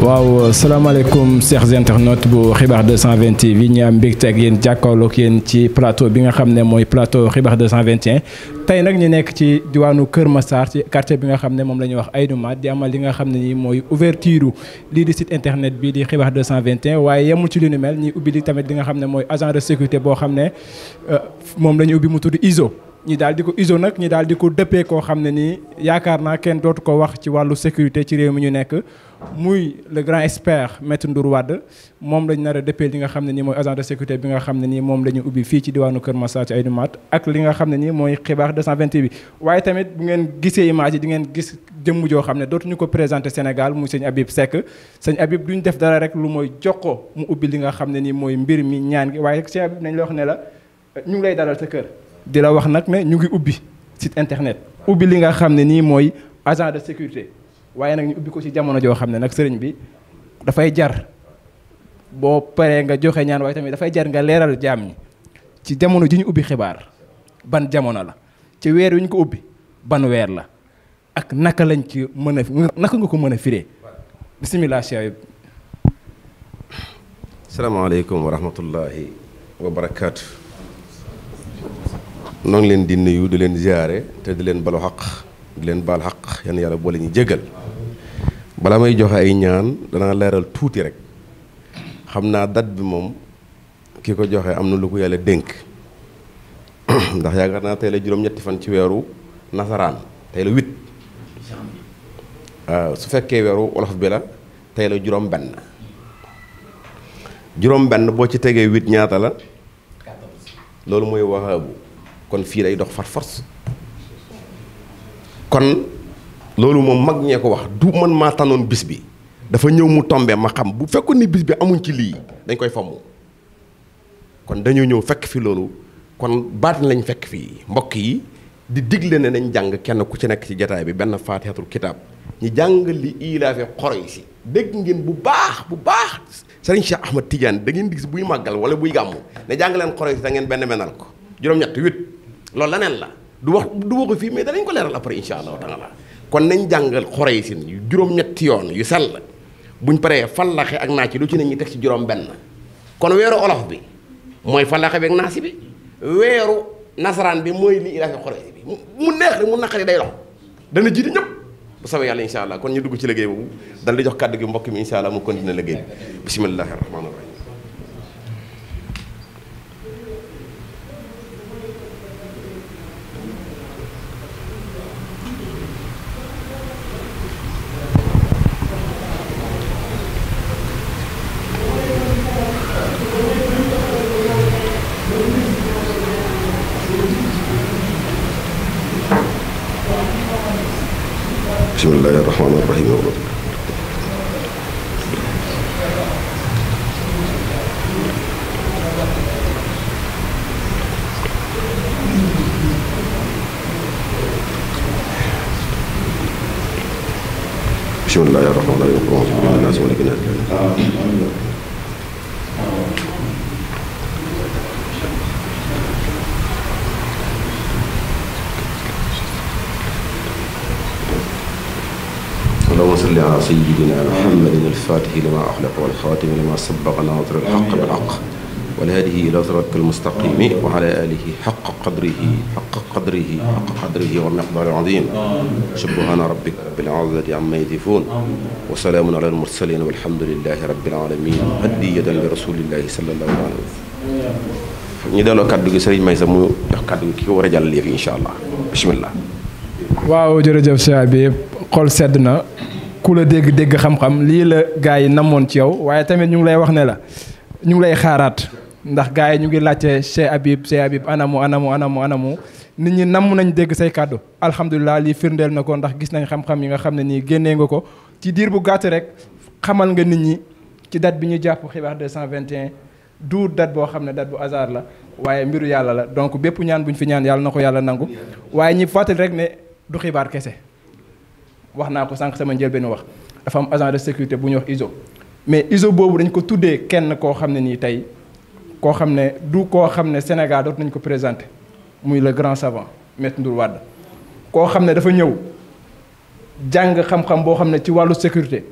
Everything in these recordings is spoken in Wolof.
waaw salaamaaleykum chers internautes bu xibaar 220 TV ñu am mbégte ak yéen jàkkaarloog yéen ci plateau bi nga xam ne mooy plateau xibaar 221 tey nag ñu nekk ci diwaanu Kër Massar ci quartier bi nga xam ne moom la ñuy wax Aïnouma di amal li nga xam ne nii mooy ouverture lii di site internet bi di xibaar 221 waaye yemul ci li nu mel ñuy ubbi li tamit li nga xam ne mooy agent de sécurité boo xam ne euh, moom la ñu ubbi mu tudd ISO. ñi daal di ko iso nag ñi daal di ko dëppee koo xam ne nii yaakaar naa kenn dootu ko wax ci wàllu sécurité ci réew mi ñu nekk muy le grand expert maître Ndour Wade moom lañ nar a li nga xam ni moy agent de sécurité bi nga xam ni mom lañu la ñu ubbi fii ci diwanu Kër massa ci ay mat ak li nga xam ni moy xibar xibaar 228 bi waaye tamit bu ngeen gisee image di ngeen gis jëmm jo xam dotu ñuko présenter Sénégal muy seigne Habib Seck seigne Habib duñ def dara rek lu moy jokkoo mu ubbi li nga xam ni moy mbir mi ñaan gi waaye sëñ Habib nañ la wax ne la ñu lay dalal sa kër di la wax nak ne ñu ngi ubbi site internet ubbi li nga xam ni moy agent de sécurité waaye nag ñu ubbi ko ci jamono joo xam ne nag sëriñ bi dafay jar boo paree nga joxe ñaan waaye tamit dafay jar nga leeral jaam ñi ci jamono ji ñu ubbi xibaar ban jamono la ci weer wi ñu ko ubbi ban weer la ak naka lañ ci mën naka nga ko mën a firee bisimilah cheikh salaamaaleykum wa rahmatullahi wa barakaatu noo ngi leen di nuyu di leen ziare te di leen balu xaq di leen baal xaq yan yàlla boole ñu jégal bala may joxe ay ñaan danaa leeral tuuti rek xam naa dat bi moom ki ko joxe am na lu ko yàlla dénk ndax yaakaar naa tey la juróom-ñetti fan ci weeru nasaraan tey la huit ah, su fekkee weeru olof bi la tey la juróom benn juróom benn boo ci tegee huit ñaata la loolu mooy waxaabu kon fii day dox far force kon loolu mom mag ñee ko wax du man ma tanon bis bi dafa ñew mu tomber ma xam bu fekkoon ni bis bi amuñ ci li dañ koy famu kon dañu ñew fekk fi loolu kon baat lañ fekk fi mbokk yi di diglé né nañ jang kenn ku ci nekk ci jotaay bi ben fatihatul kitab ñi jang li ilaafi xoroy si ngeen bu baax bu baax serigne Cheikh ahmed Tidiane da ngeen di gis buy màggal wala buy gamu né jang leen quraysi da ngeen ben menal ko juroom ñatt huit loolu lanen la du wax du waxu fi mais danañ ko leral après inshallah taala kon nañ jàngal xorey sin yu juróom-ñetti yoon yu sell buñ paree fallaxe ak naaj ci lu ci ne ñi teg ci juróom-benn kon weeru olof bi mooy fallaxe bi ak naasi bi weeru nasaraan bi mooy li ilaasi xorey bi mu neex rek mu naqari day dox dana jiitu ñëpp bu soobee yàlla incha allah kon ñu dugg ci liggéey boobu dal di jox kàddu gi mbokk mi incha allah mu continuer liggéey bi bisimilahi rahmaani الله الرحمن الرحيم بسم الله الرحمن الرحيم اللهم صل على الناس ولكن سيدنا محمد الفاتح لما أخلق والخاتم لما سبق ناظر الحق بالحق والهاده إلى صراطك المستقيم وعلى آله حق قدره حق قدره حق قدره والمقدار العظيم شبهنا ربك بالعزة عما يذفون وسلام على المرسلين والحمد لله رب العالمين هدية لرسول الله صلى الله عليه وسلم ñu delloo kàddu gi sëriñ Maysa mu jox kàddu gi ki war a jàllale yëf incha allah bismillah waaw jërëjëf si bi xol sedd ku la dégg dégg xam-xam lii la gars yi namoon ci yow waaye tamit ñu ngi lay wax ne la ñu ngi lay xaaraat ndax gars yi ñu ngi laajte Cheikh Habib Cheikh Habib anamu anamu anamu anamu nit ñi namm nañ dégg say kàddu alhamdulilah lii firndeel na ko ndax gis nañ xam-xam yi nga xam ne nii génnee nga ko ci diir bu gàtt rek xamal nga nit ñi ci date bi ñu jàpp xibaar 221 du date boo xam ne date bu hasard la waaye mbiru yàlla la donc bépp ñaan buñ fi ñaan yàlla na ko yàlla nangu waaye ñi fàttali rek ne du xibaar kese. wax naa ko sànq sama njëlbéenu wax dafa am agent de sécurité bu ñu wax ISO mais ISO boobu dañu ko tuddee kenn koo xam ne nii tey koo xam ne du koo xam ne Sénégal doot nañ ko présenté muy le grand savant Maître Ndour Wade koo xam ne dafa ñëw jàng xam-xam boo xam ne ci wàllu sécurité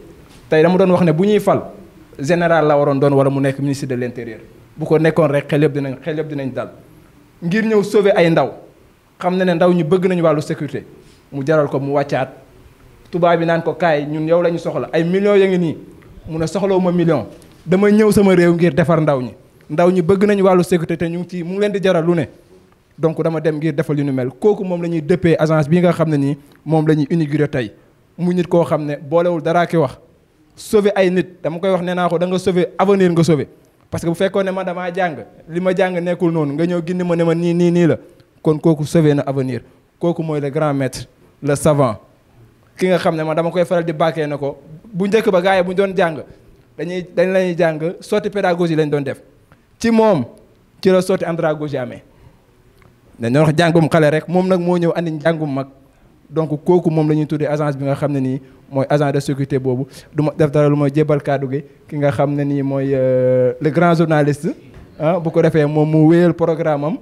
tey dama doon wax ne bu ñuy fal général la waroon doon wala mu nekk ministre de l'intérieur bu ko nekkoon rek xel yëpp dinañ xel yëpp dinañ dal ngir ñëw sauver ay ndaw xam na ne ndaw ñu bëgg nañu wàllu sécurité mu jaral ko mu wàccaat tubaab yi naan ko kaay ñun yow la ñu soxla ay million ya ngi nii mun a soxlawu ma million dama ñëw sama réew ngir defar ndaw ñi ndaw ñi bëgg nañu wàllu sécurité te ñu ngi ci mu ngi leen di jaral lu ne donc dama dem ngir defal yu nu mel kooku moom la ñuy dëppee agence bii nga xam ne nii moom la ñuy tey mu nit koo xam ne boolewul daraa ki wax sauver ay nit dama koy wax nee naa ko da nga sauver avenir nga sauver parce que bu fekkoon ne ma damaa jàng li ma jàng nekkul noonu nga ñëw gindi ma ne ma nii nii nii la kon kooku sauver na avenir kooku mooy le grand le savant ki nga xam ne ma dama koy faral di bakkee na ko bu njëkk ba gars yi bu doon jàng dañuy dañ lañuy jàng sotti yi lañ doon def ci moom ci la sotti andragogie amee dañ doon wax jàngum xale rek moom nag moo ñëw andi jàngum mag donc kooku moom la ñuy tuddee agence bi nga xam ne nii mooy agent de sécurité boobu duma def dara lu mooy jébal kàddu gi ki nga xam ne nii mooy euh, le grand journaliste ah bu ko defee moom mu wéyal programme am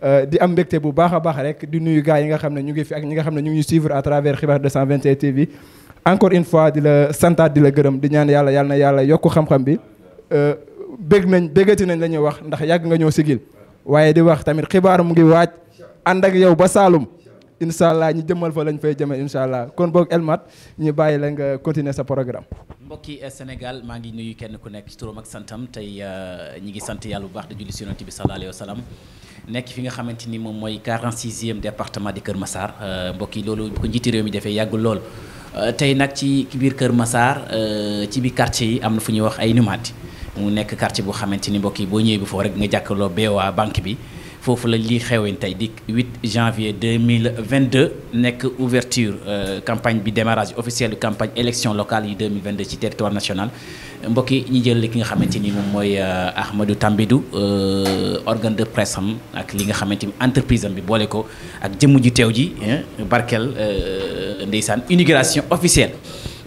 Euh, di am mbégte bu baax a baax rek di nuyu gars yi nga xam ne ñu ngi fi ak ñi nga xam ne ñu ngi suivre à travers Xibar 221 TV encore une fois di la santaat di la gërëm di ñaan yàlla yàlla na yàlla yokku xam-xam bi euh, bég nañ béggati nañ la ñuy wax ndax yàgg nga ñoo sigil waaye di wax tamit xibaar mu ngi waaj ànd ak yow ba Saalum incha allah ñi jëmmal fa lañ fay jëmee incha allah kon boog Elmat ñu bàyyi la nga continuer sa programme. mbokki euh, Sénégal maa ngi nuyu kenn ku nekk ci turam ak santam tey ñi ngi sant yàlla bu baax di julli si yonent bi sallallahu alayhi wa sallam nekk fi nga xamante ni moom mooy 46e département di Kër Massar euh, mbokk yi loolu bu ko njiiti réew mi defee yàggul lool euh, tey nag ci biir Kër Massar euh, ci biir quartier yi am na fu ñuy wax ay numaati mu nekk quartier boo xamante ni mbokk yi boo ñëwee bu foofu rek nga jàkkaarloo BOA banque bi. fofu la li 8 janvier 2022 ouverture euh, campagne bi démarrage officiel campagne élection locale 2022 territoire national mbokki jël li nga euh, euh, organe de presse ak li nga entreprise am bi ak hein, inauguration officielle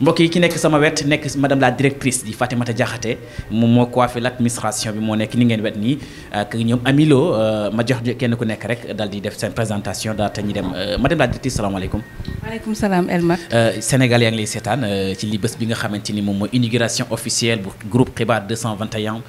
mbokk ki nek sama wette nek madame la directrice di Fatimata Diakhaté moom moo coiffé l'administration bi mo nek ni ngeen wette ni ak ñom amilo euh, ma jox kenn ku nek rek dal di def sen présentation da te ñu dem euh, madame la directrice salam salaamaaleykum. maaleykum salaam Elmat. Euh, Sénégal yaa ngi lay sétane ci li bëss bi nga xamante ni mo inauguration officielle bu groupe Xibaar 221.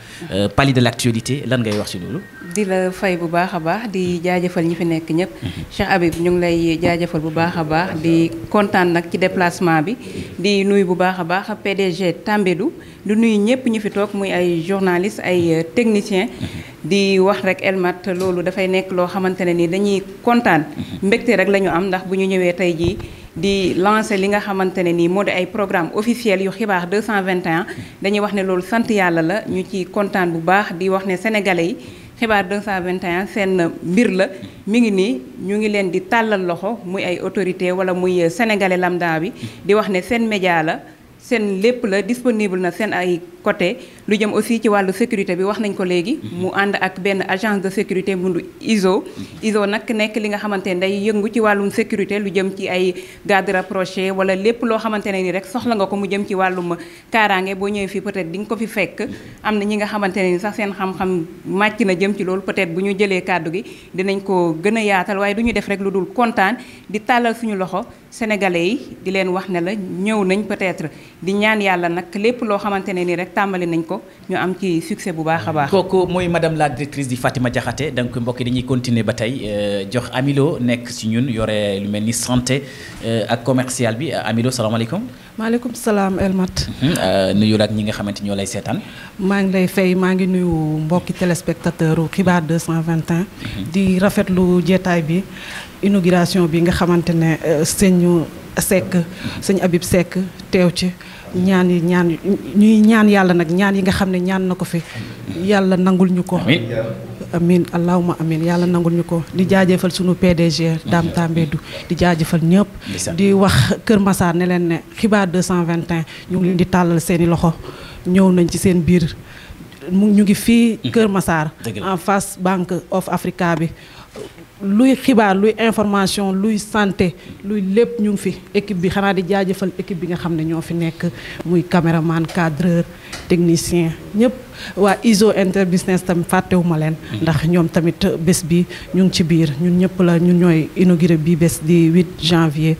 pali de l'actualité lan ngay wax ci lolu di la fay bu baaxa baax di jaajeufal ñi fi nek ñep Cheikh Habib ñu ngi lay jaajeufal bu baaxa baax di kontaan nak ci déplacement bi di. koy nuyu bu baax a baax PDG Tambédou du nuyu ñëpp ñu fi toog muy ay journaliste ay euh, technicien mm-hmm. di wax rek Elmat loolu dafay nekk loo xamante ne ni dañuy kontaan mm-hmm. mbégte rek la ñu am ndax bu ñu ñëwee tey jii di lancer li nga xamante ne nii moo di ay programme officiel yu xibaar 221 mm-hmm. dañuy wax ne loolu sant yàlla la ñu ci kontaan bu baax di wax ne sénégalais yi xibaar 221 seen mbir la mi ngi nii ñu ngi leen di tàllal loxo muy ay autorité wala muy euh, sénégalais lambda bi di wax ne seen média la seen lépp la disponible na seen ay côté lu jëm aussi ci wàllu sécurité bi wax nañ ko léegi mu mhm. ànd ak benn agence de sécurité mundu ISO mhm. ISO nag nekk li nga xamante ne day yëngu ci wàllum sécurité lu jëm ci ay garde rapproché wala lépp loo xamante ne ni rek soxla nga ko mu jëm ci wàllum kaaraange boo ñëwee fii peut-être di nga ko fi fekk mhm. am na ñi nga xamante ne sax seen xam-xam màcc na jëm ci loolu peut-être bu ñu jëlee kàddu gi dinañ ko gën a yaatal waaye du ñu def rek lu dul kontaan di tàllal suñu loxo sénégalais yi di leen wax ne la ñëw nañ peut-être di ñaan yàlla nak lépp loo xamante ne nii rek tàmbali nañ ko ñu am ci succès bu baax. madame la directrice di Fatima Diakhaté donc mbokk yi dañuy continuer ba euh, jox Amilo nek si ñun yore lu mel santé euh, ak commercial bi euh, Amilo salaamaaleykum. maaleykum salam Elmat. Mhm, nuyu la ak ñi nga xamante ñoo lay seetaan. maa ngi lay fay maa ngi nuyu téléspectateur 221. Mhm. di rafetlu jeetaay bi. inauguration bi nga xamante ne euh, sëñ Seck sëñ abib Seck teew ci ñaan yi ñaan ñuy ñaan yàlla nag ñaan yi nga xam ne ñaan na ko fi yàlla nangul ñu ko amin allahuma amin yàlla nangul ñu ko di jaajëfal sunu PDG Dame Tambédou di jaajëfal ñëpp di wax Kër Massar ne leen ne xibaar 221 ñu ngi leen di tàllal seeni loxo ñëw nañ ci seen biir mu ñu ngi fii mm-hmm. Kër Massar en face Banque of Africa bi luy xibaar luy information luy santé luy lépp ñu fi équipe bi xana di jaajeufal équipe bi nga xam ño fi nek muy cameraman, cadreur technicien ñep wa ISO inter business wu ma len ndax ñom tamit bés bi ñu ci biir ñun ñep la ñun ñoy inaugurer bi bés di 8 janvier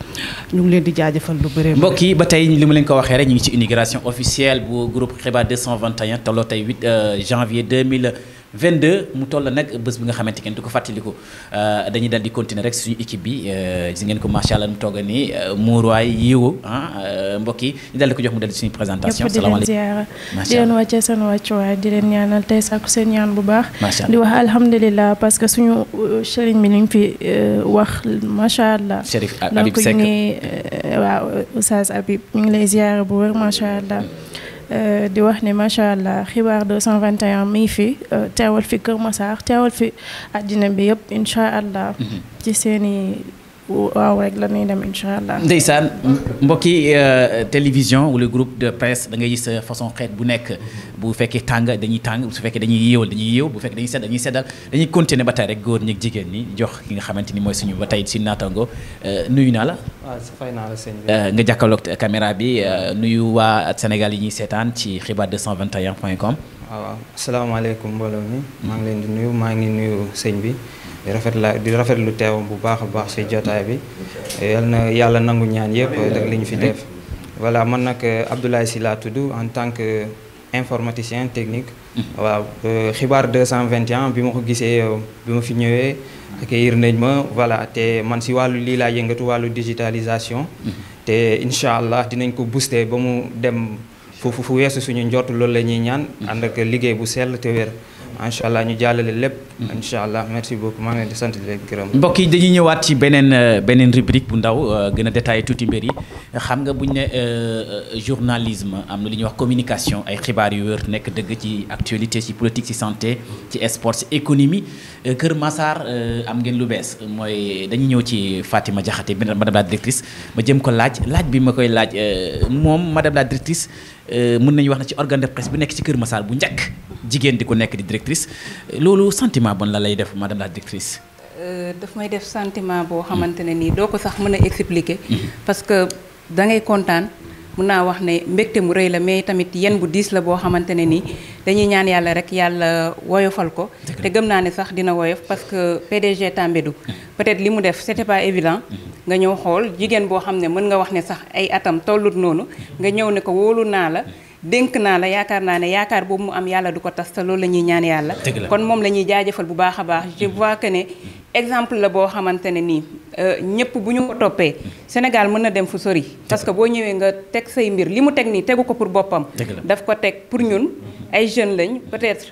ñu ngi leen di jaajeufal lu bëree. mbokk yi ba tay limu ma leen ko waxee rek ñu ci inauguration officielle bu groupe Xibaar 221 tolloo tay 8 euh, janvier 2000. 22 mu toll nag bés bi nga xamante ngeen di ko fàttaliku euh, dañuy dal di continuer rek suñu équipe bi euh, gis ngeen ko macha allah mu nii ni euh, muuruwaay yiiwu ah mbokk yi ñu ko jox mu dal suñu présentation. salaamaaleykum di leen wàccee seen wàccuwaay di leen ñaanal tey sàkku seen ñaan bu baax. di wax alhamdulilah parce que suñu sëriñ bi li ñu fi wax macha allah. Chérif Habib Seck donc ñu ngi waaw ngi lay ziar bu wër macha allah. Mm. Euh, di wax ne macha allah xibaar 221 mi fi euh, teewal fi Kër Massar teewal fi àddina bi yëpp incha allah. Mhm. ci seeni waaw rek la ñuy dem incha allah. ndeysaan mbokki euh, télévision wala groupe de presse da ngay gis euh, façon xeet bu nekk bu fekkee tàng dañuy tàng su fekkee dañuy yéewal dañuy yéew bu fekkee dañuy sedd dañuy seddal dañuy continuer ba tey rek góor ñi jigéen ñi jox ki nga xamante ni mooy suñu ba tey si naataango euh, nuyu naa la. waaw fay naa la sëñ bi. nga jàkkaarloog caméra bi nuyu waa Sénégal yi ñuy seetaan ci xibaar 221 point com. waaw asalaamaaleykum mbooloo mi. maa ngi leen di nuyu maa ngi nuyu sëñ bi di rafet la di rafetlu teewam bu baax a baax si jotaay bi yal na yàlla nangu ñaan yëpp ak li ñu fi def voilà man nag euh, Abdoulaye Sy laa tudd en tant que informaticien technique mm-hmm. waaw euh, xibaar 221 bi ma ko gisee euh, bi ma fi ñëwee accueillir nañ ma voilà te man si wàllu lii laa yëngatu wàllu digitalisation mm-hmm. te incha allah dinañ ko booster ba mu dem fu fu weesu suñu njort loolu la ñuy ñaan mm-hmm. ànd ak liggéey bu sell te wér macha ñu jàllale lepp inshallah merci beaucoup ma ngi di sant di leen gërëm. mbokk yi dañuy ñëwaat ci benen euh, benen rubrique bu ndaw euh, gëna a détaillé tuuti mbir xam nga bu ñu euh, journalisme am na lu wax communication ay xibaar yu wër nek dëgg ci actualité ci politique ci santé ci sport ci économie Kër Massar am ngeen lu bees moy dañuy ñëw ci Fatima Diakhaté madame la directrice ma jëm ko laaj laaj bi ma koy laaj mom madame la directrice mën nañu wax na ci organe de presse bu nek ci Kër Massar bu njëkk. jigéen di ko nekk di directrice loolu sentiment bon la lay def madame la directrice. Euh, dafa may def sentiment boo xamante ne nii doo ko sax mën a expliquer. Mhm. parce que da ngay kontaan mun naa wax ne mbégte mu rëy la mais tamit yenn bu diis la boo xamante ne nii dañuy ñaan yàlla rek yàlla woyofal ko. te gëm naa ne sax dina woyof parce que PDG Tambédou. Mhm. peut-être li mu def c'était pas évident. Mhm. nga ñëw xool jigéen boo xam ne mën nga wax ne sax ay atam tollut noonu. nga ñëw ne ko naa la. dénk naa la yaakaar naa ne yaakaar boobu mu am yàlla du ko tas te loolu la ñuy ñaan yàlla kon moom la ñuy jaajëfal bu baax a baax je mm-hmm. vois que ne exemple la boo xamante ne nii euh, ñëpp bu ñu ko toppee mm-hmm. Sénégal mën na dem fu sori parce que boo ñëwee nga teg say mbir li mu teg nii tegu ko pour boppam daf ko teg pour ñun mm-hmm. ay jeunes lañ peut-être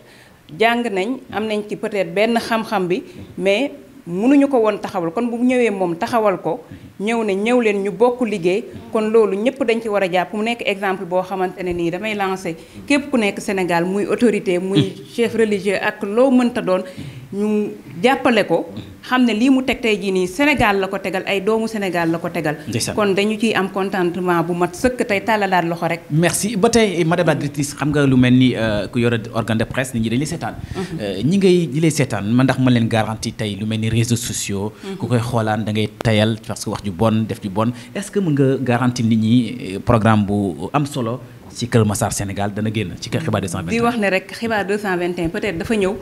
jàng nañ am nañ ci peut-être benn xam-xam bi mais mënuñu ko woon taxawal kon bu ñëwee moom taxawal ko ñëw ne ñëw leen ñu bokk liggéey kon loolu ñëpp dañu ci war a jàpp mu nekk exemple boo xamante ne nii damay lancé képp ku nekk Sénégal muy autorité muy chef religieux ak loo mënta doon ñu jàppale ko xam ne lii mu teg tey jii nii Sénégal la ko tegal ay doomu Sénégal la ko tegal kon dañu ciy am contentement bu mat sëkk tey tàllalaat loxo rek merci ba tey madame la directrice xam nga lu mel ni euh, ku yore organe de presse nit ñi dañ seetaan mhm. euh, ñi ngay ñi lay seetaan ma ndax ma leen garantie tey lu mel ni réseaux sociaux mhm. ku koy xoolaan da ngay tayal parce que wax ju bon def ju bon est-ce que mën nga garantie nit ñi euh, programme bu am solo ci Kër Massar Sénégal dana génn ci xibaar 221. di wax ne rek xibaar 221 peut-être dafa ñëw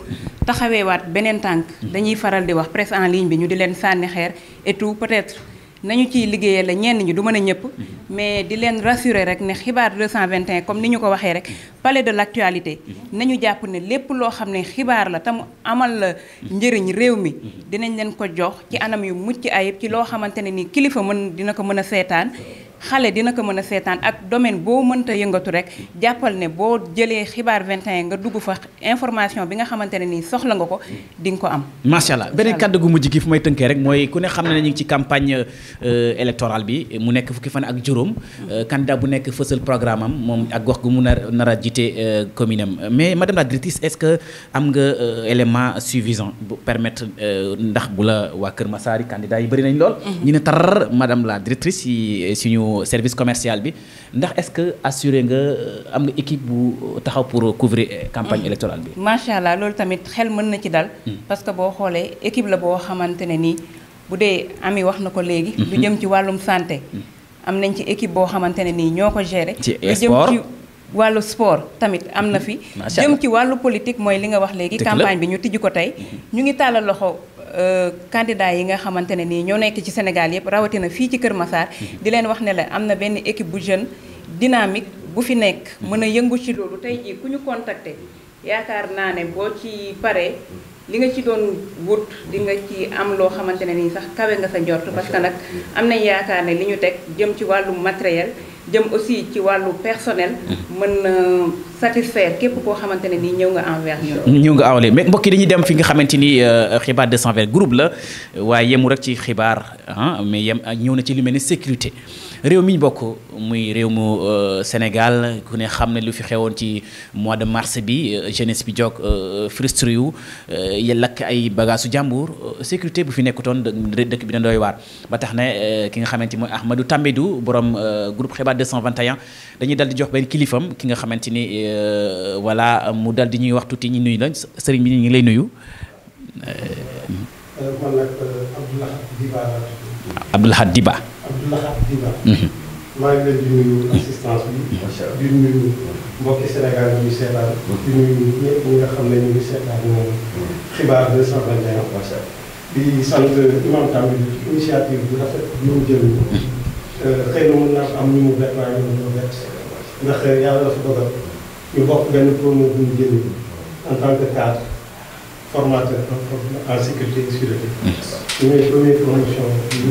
taxaweewaat beneen tank, dañuy faral di wax presse en ligne bi ñu di leen sànni xeer et tout peut-être nañu ci liggéeyee la ñenn ñu du mën ñëpp. mais di len rassurer rek né xibar 221 comme ni ñu ko waxé rek palais de l'actualité. nañu japp né lépp lo xamné xibar la tam amal la njëriñ réew mi. dinañ len ko jox ci anam yu mucc ayeb ci lo xamanténi ni kilifa mën dina ko mëna sétane xale dina ko mën a seetaan ak domaine boo mënta yëngatu rek jàppal ne boo jëlee xibaar vingt 21 nga dugg fa information bi nga xamante ne nii soxla nga ko di nga ko am. macha allah beneen kàddu gu mujj gi fu may tënkee rek mooy ku ne xam na ne ñu ngi ci campagne euh, électorale bi mu nekk fukki fan ak juróom. Euh, candidat bu nekk fësal programme am moom ak gox gu mu nar nar a jiite euh, commune am mais madame la directrice est-ce que am nga élément suffisant bu permettre ndax bu la waa Kër Masary candidat bëri nañ lool. Mhm. ñu ne la directrice yi suñu. service commercial bi ndax est-ce que assuré nga euh, am nga équipe bu taxaw pour couvrir euh, campagne électorale bi. machallah lolou tamit xel meun na ci dal. Hmm. parce que bo xolé équipe la bo xamantene ni nii ami wax na ko léegi. Hmm. jëm ci walum santé. Hmm. am nañ ci équipe bo xamantene ni ñoko gérer. ci sport walu sport tamit amna fi. jëm ci walu politique moy li nga wax légui campagne bi ñu tijji ko tey. ñu ngi talal loxo kandidaa euh, yi nga xamante ne nii ñoo nekk ci Sénégal yëpp rawatina fii ci Kër Massar mhm. di leen wax ne la am na benn équipe bu jeune dynamique bu fi nekk mhm. mën a yëngu ci loolu tey jii ku ñu contacter yaakaar naa ne boo ci paree li nga ci doon wut di nga ci am loo xamante ne nii sax kawe nga sa njort parce que nag am nañ yaakaar ne li ñu teg jëm ci wàllum matériel jëm aussi ci walu personnel. mën satisfaire képp koo xamante ne nii ñëw nga envers ñun. ñëw nga awale mais mbokk yi dañuy dem fi nga xamante ni euh, xibaar 220 groupe la waaye yemu rek ci xibaar ah mais yem ñëw na ci lu mel ni sécurité. réew mi ñu bokk muy réew mu euh, Sénégal ku ne xam ne lu fi xewoon ci mois de mars bi euh, jeunesse bi jog euh, frustré yu lakk ay bagaasu jàmbur sécurité bu fi nekkutoon dëkk bi na doy waar ba tax ne ki nga xamante mooy Ahmadou Tambédou borom groupe Xibaar 221 dañuy dal di jox benn kilifam ki nga xamante ni wala mu dal di ñuy wax tuuti ñu nuyu lañ sëriñ bi ñu ngi lay nuyu man nag laxaat diina mhm. maa ngi leen di nuyu assistance bi mhm. di nuyu mbokki Sénégal ñu ngi seetaan mhm. di nuyu ñëpp ñi nga xam ne ñu ngi seetaan moom xibaar deux cent vingt et un di sant imam tamit initiative bu rafet bi mu jël euh, xëy na mën naa am ñu mu bett waaye ñu mu bett ndax euh, yàlla dafa dogal ñu bokk benn promo bu ñu jël en tant que cadre formateur en sécurité et sécurité ñu ngi première promotion bi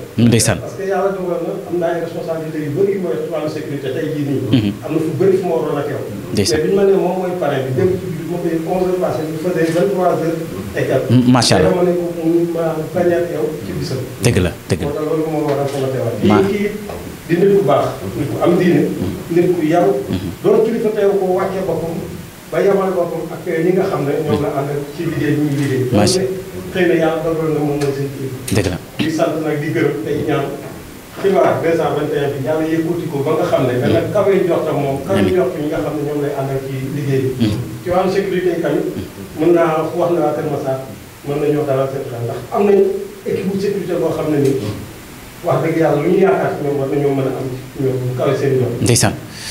ndeysaan. parce que yàlla dogal na am na ay responsabilité yu bëri mooy wàllu sécurité tey jii nii. Mhm. am na fu bëri fu ma waroon a teew. ndeysaan mais bi ma nee moom mooy pare bi dem ci biir moom day 11h passé bu fekkee 23h et quelques. macha allah dama ne ma bañ a teew ci bisam. dëgg la dëgg la moo tax loolu moo waral sama teewaat. kii di nit ku baax. nit ku am diine. Mhm. nit ku yaru. Mhm. doon kilifa teew ko wàccee boppam. ba yemale boppam ak ñi nga xam ne ñoom la àndal ci liggéey bi ñuy liggéey. macha allah xëy na yàlla dogaloon na moom mooy seen kii. dëgg la di sant nag di gërëm tey ñaan xibaar 221 bi yàlla yëkkati ko ba nga xam ne. dana kawe jox tam moom. nga xam ne ñoom lay àndal ci liggéey bi. ci wàllu sécurité yi tamit mën naa wax ne waa Kër Massar mën nañoo dalal seen xel ndax am na équipe bu sécurité boo xam ne nii wax dëgg yàlla lu ñu yaakaar ci ñoom war nañoo mën a am ñoom kawe seen yoon.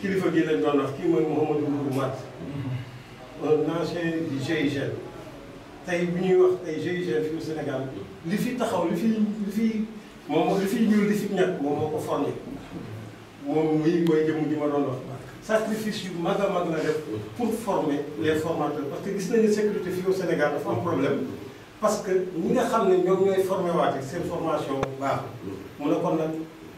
kilifa gi lañ doon wax kii mooy Mouhamadou Mourou Mat un ancien du GIGN tey bu ñuy wax tey GIGN fii Sénégal li fi taxaw li fi li fi moom li fi ñuul li fi ñàkk moom moo ko forñe moom muy mooy jëmm ji ma doon wax sacrifice yu mag a mag la def pour former les formateurs parce que gis nañu sécurité fii au Sénégal dafa am problème parce que ñi nga xam ne ñoom ñooy formé waate seen formation baax mun a kon nag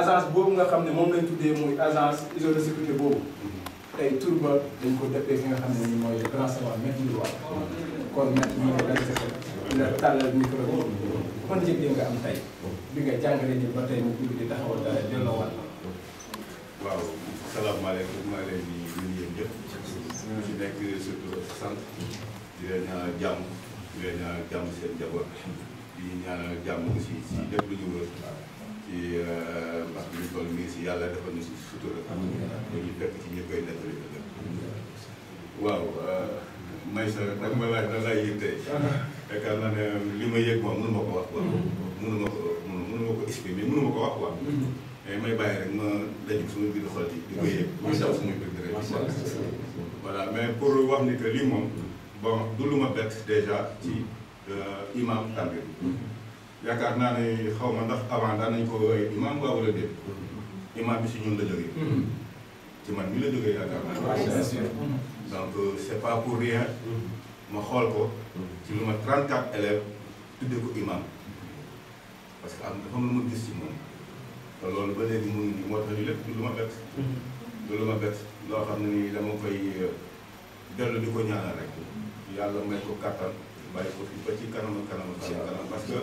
agence boobu nga xam ne moom lañ tuddee muy agence iso de sécurité boobu tey tur ba dañ ko dëppee ki nga xam ne ni mooy grand savant maître Ndoye kon maître ñu ko lañ la tàllal micro bi kon yëg nga am tey bi nga jàngale ñu ba tey mu tudd di taxawal dara delloo waat waaw salaamaaleykum maa ngi leen di nuyu yéen ñëpp ñu ci nekk surtout sant di leen ñaanal jàmm di leen ñaanal jàmm seen jaboot di ñaanal jàmm aussi si lépp lu ñu wër ci mbas euh, bi ñu si yàlla defal ñu si sutura. ñu ngi fekk ci ñi koy nettali ëllëg. waaw euh, may sa nag ma laaj lan laay yëg tey. yaakaar naa ne euh, li ma yëg moom mënu ma ko wax quoi. Mm-hmm. mënu ma ko mënu ma ko exprimer mënu ma ko wax quoi. Mm-hmm. mais may bàyyi rek ma dajul sama biir xol yi. di ko yëg ma daw sama biir dërër voilà mais pour wax ni que bon du ma bett déjà ci imam Tambadou. Mm-hmm. yaakaar ni ne xaw ma ndax avant daan ko woowee imaam waa wala déet imaam bi si ñun la jógee ci man mi la jógee yaakaar donc c'est pas pour rien ma ko ci lu 34 élèves ko imam parce que am dafa lu ma gis ci moom te loolu ba léegi mu ngi moo tax ñu lépp du lu ma bett du lu dama koy dellu di ñaanal rek may ko ko fi ba ci kanam kanam kanam parce que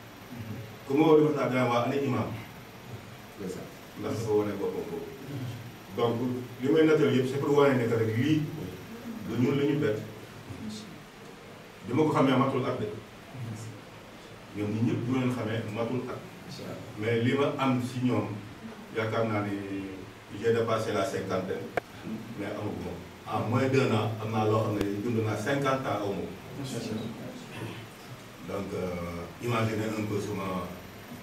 kuma wani mata dama an imam ndax dafa wane boppam ko donc li natal yëpp c'est pour wane ne rek lii du ñun ñu ko matul at de ñoom ñi ñëpp bu leen matul at mais lima am si ñoom yaakaar naa ni j'ai dépassé la cinquantaine mais amaguma en moins d'un an am naa loo dund ans donc euh, imaginez un peu suma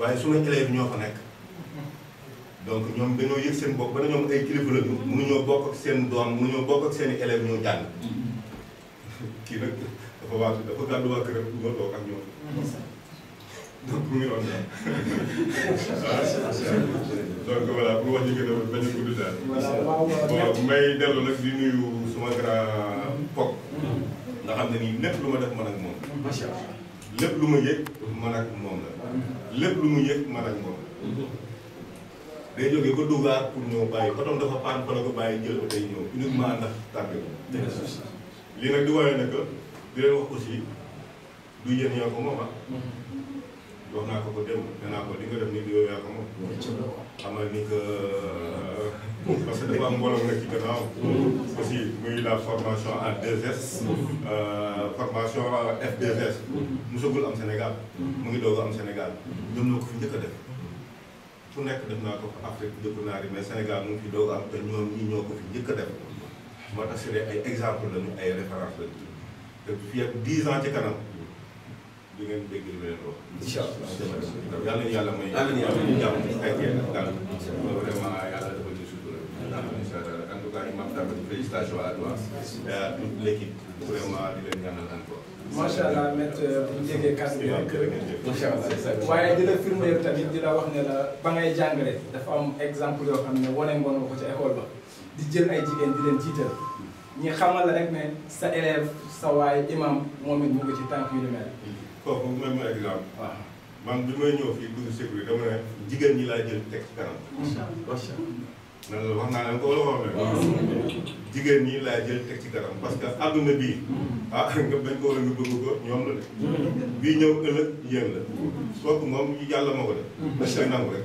waye suma élève élèves ñoo fa nekk donc ñom dañoo yëf seen bopp ba ne ay kilifa la ñu mënuñoo bokk ak seen doom mënuñoo bokk ak seen élève ñoo jàng ki nak dafa waatu dafa gaddu wa këram ñoo tok ak ñoo donc mu ngi doon donc voilà pour wax ñu gën a bañ a may dellu nak di nuyu suma grand pok nga xam ne nii lépp lu ma def man ak Allah lépp lu ma yëg man ak moom la lépp lu mu yëg man moom la day jógee ba Dugar pour ñëw bàyyi otoom dafa paan fa la ko bàyyi jël ba tey ñëw uniquement ndax tàggat yi lii nag di woowee ne que di leen wax aussi du yéen ñoo ko moom ah wax naa ko ko démb nee naa ko li nga def nii yow yaa moom. xamal ni que euh, parce que dafa am mbooloo nag ci gannaaw. Mm-hmm. aussi muy la formation en 2S. Mm-hmm. Euh, formation f 2 mm-hmm. am Sénégal. mu ngi doog am Sénégal. ñoom ñoo ko fi a def. fu nekk def naa ko Afrique dëkku naar Sénégal mu ngi fi am te ñoom ñoo ko fi njëkk def. moo tax c'est ay exemple lañu ay référence lañu te fii ak 10 kanam. di ngeen dégg allah yàlla yàlla may. amiin amiin yàlla dafa euh, macha allah met bu ñu déggee kàddu gi rek. allah waaye di la firndeel tamit di la wax ne la ba ngay jàngale dafa am exemple yoo xam ne wane ngoon nga ko ca école ba di jël ay jigéen di leen jiital ñi xamal rek ne sa élève sa waay imam moom it mu ngi ci tànk yu ni mel. kooku mooy mooy exemple. Ah. man bi may ñëw fii dugg sécurité dama ne jigéen ñi laa jël teg ci kanam. macha allah la wax naa leen ko wala wax jigéen ñi laa jël teg ci kanam parce que àdduna bii. Mm. ah nga bañ ko wala nga bëgg ko ñoom la de. Mm. bii ñëw ëllëg yéen la. Mm. kooku moom yàlla moo ko def. macha allah nangu rek.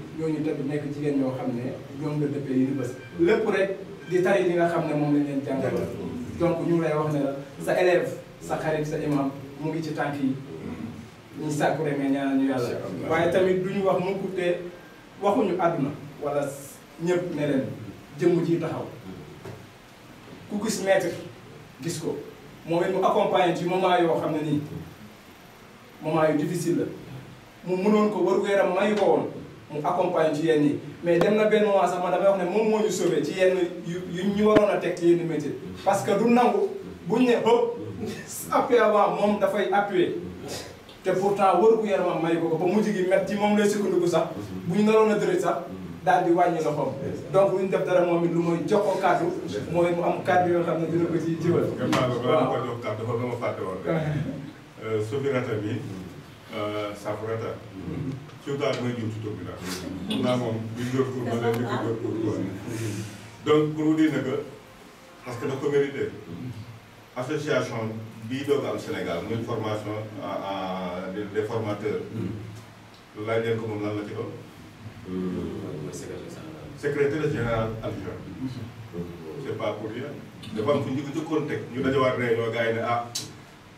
ñooñu tëdd nekk jigéen ñoo xam ne ñoom la dëppee yi di bës lépp rek di tari li nga xam ne moom lañ leen jàngal donc ñu ngi lay wax ne sa élève sa xarit sa imam mu ngi ci tànk yi ñu sàkku rek mais ñaanal ñu yàlla tamit duñu wax mukk te waxuñu àdduna wala ñëpp ne leen jëmm ji taxaw ku gis maître gis ko moom it mu accompagné ci moment yoo xam ne nii moment yu la mu mënoon ko waru yaram mayu mu accompagne ci yenn yi mais dem na benn moment sax man moom moo ñu sauvé ci yenn yu yu ñu waroon a teg ci yenn métier parce que du nangu buñ ne hop appui avant moom dafay appuyer te pourtant wër gu yaramam may ko ko mu mujj gi met ci moom lay sukkandiku sax bu ñu naroon a dërëj sax daal di wàññi loxoom donc lu ñu def dara moom it lu mooy jox ko kàddu mooy mu am kàddu yoo xam ne dina ko ci jiwal. waaw a fàtte woon bi. saafarata surtout mooy jëm ci tur bi daal. naa moom bi ñu jot ma leen di ko jot pour woon donc pour vous dire ne que parce que daf ko mérité association bii doog am Sénégal lan la ci doon. secrétaire général adjoint. c' est pas pour rien. dafa am fu ne ah.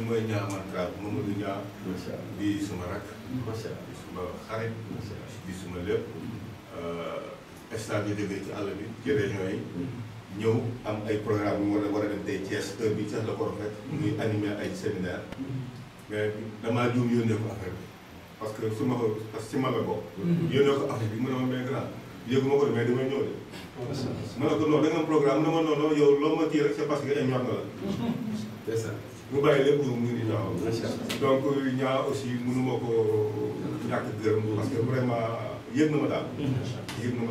ki mooy Niang man Trav Mamadou Niang. macha allah di suma rakk. macha allah di suma xarit. macha allah di suma lépp. Euh, stade bi jógee ci àll bi ci région yi. Mm-hmm. ñëw am ay programme yu war a war a dem tey Thiès heure bi sax la ko rafet. muy mm-hmm. animé ay séminaire mm-hmm. mais damaa juum yónnee ko affaire bi parce que su ma ko parce que ci ma la bokk. yónnee ko affaire bi mu ne ma mais grand yëguma ko de mais damay ñëw de. ma ne ko non da nga am programme ne ma non non yow loo ma kii rek c'est parce que ay ñor na la. mu bàyyi lépp ñoom ñu ngi ñaaw donc ñaa euh, aussi mënu ma ko ñàkk gërëm parce que ma daal yëg na ma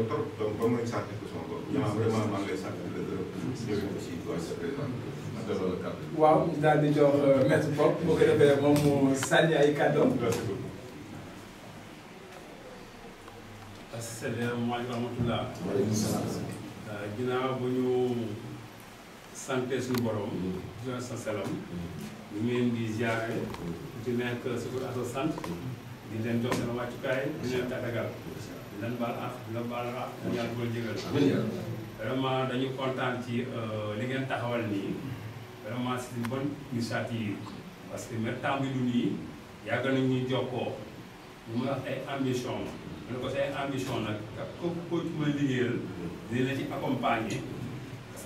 trop donc ba mooy sant ko sama bopp ñaa vraiment maa ngi lay sant di la gërëm ñëw aussi doy sa président waaw daal di jox euh, maître bopp boo ko defee moom mu sànni ay kàddoom asalaamaaleykum wa rahmatulah euh, ginnaaw bu ñu sante suñu borom jon mm-hmm. sa selam mm-hmm. ñu leen di ziare mm-hmm. di nekk sukur aso sant leen jox seen wàccukaay di leen tatagal di leen baal ak di leen baal ak di vraiment dañu kontaan ci euh, li ngeen taxawal nii vraiment c'est une initiative parce que même temps bi du nii yàgg nañ ñuy jokkoo ñu mën a wax ay mu ne ko say ambition nag ak képp ci mën a liggéeyal dina la ci accompagner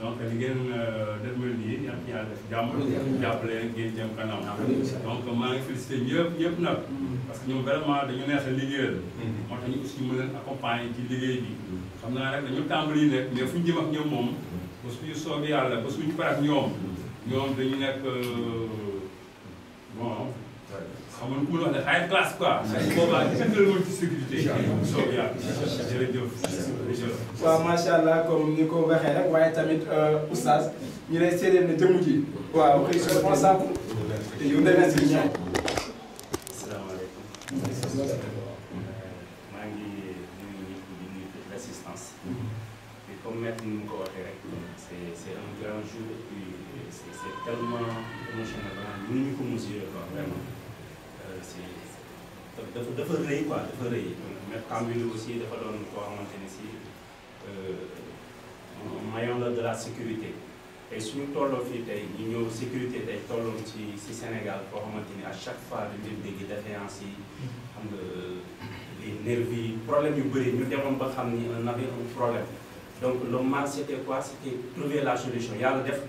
donc li ngeen euh, demul nii yàlla yàlla def jàmm jàppale ngeen jëm kanam donc maa ngi félicité ñëpp ñëpp nag parce que ñoom vraiment dañu neex a liggéeyal moo tax ñu aussi mën leen accompagner ci liggéey bi xam naa rek dañu tàmbali nekk mais fu ñu jëm ak ñoom moom ba suñu soobee yàlla ba suñu parak ñoom ñoom dañu nekk euh, bon xamoon ku wax ne high class quoi. boobaa kenn la woon ci sécurité. soob yaa jërëjëf. waaw macha allah comme ni ko waxee rek waaye tamit euh oustaz ñu lay séedee ne jëmu ji. waaw xëy responsable. te yow demee si ñoom. asalaamaaleykum. maa ngi nuyu ñëpp di nuyu toute l'assistance. et comme maître ni ko waxé rek. c'est c'est un grand jour et puis c'est tellement émotionnel vraiment mënuñu ko mesurer quoi vraiment si dafa dafa rëy quoi dafa rëy mais Kambine aussi dafa doon koo xamante ni si euh, maillon la de la sécurité et suñu tolloo fii tey ñu ñëw sécurité tey tolloon ci si Sénégal koo xamante à chaque fois dañ leen dégg défaillance yi xam nga les nervis problème yu bëri ñu demoon ba xam un on un problème donc le mal c'était quoi c'était trouver la solution yàlla def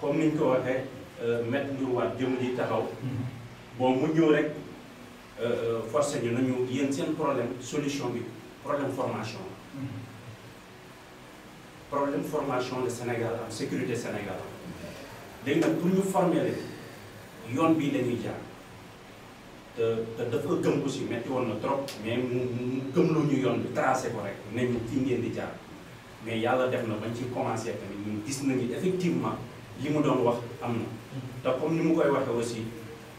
comme ni ñu ko waxee euh, mettre ñu waat jëm di taxaw bon mu ñëw rek Euh, forcé nañu yéen seen problème solution bi problème formation problème formation de Sénégal am sécurité Sénégal am léegi nag pour ñu former yoon bii lañuy jaar te te dafa gëm aussi metti woon na trop mais mu mu gëmloo ñu yoon bi tracé ko rek ne ñu fi ngeen di jaar mais yàlla def na bañ ci commencé tamit ñun gis nañu effectivement li mu doon wax am na te comme ni mu koy waxee aussi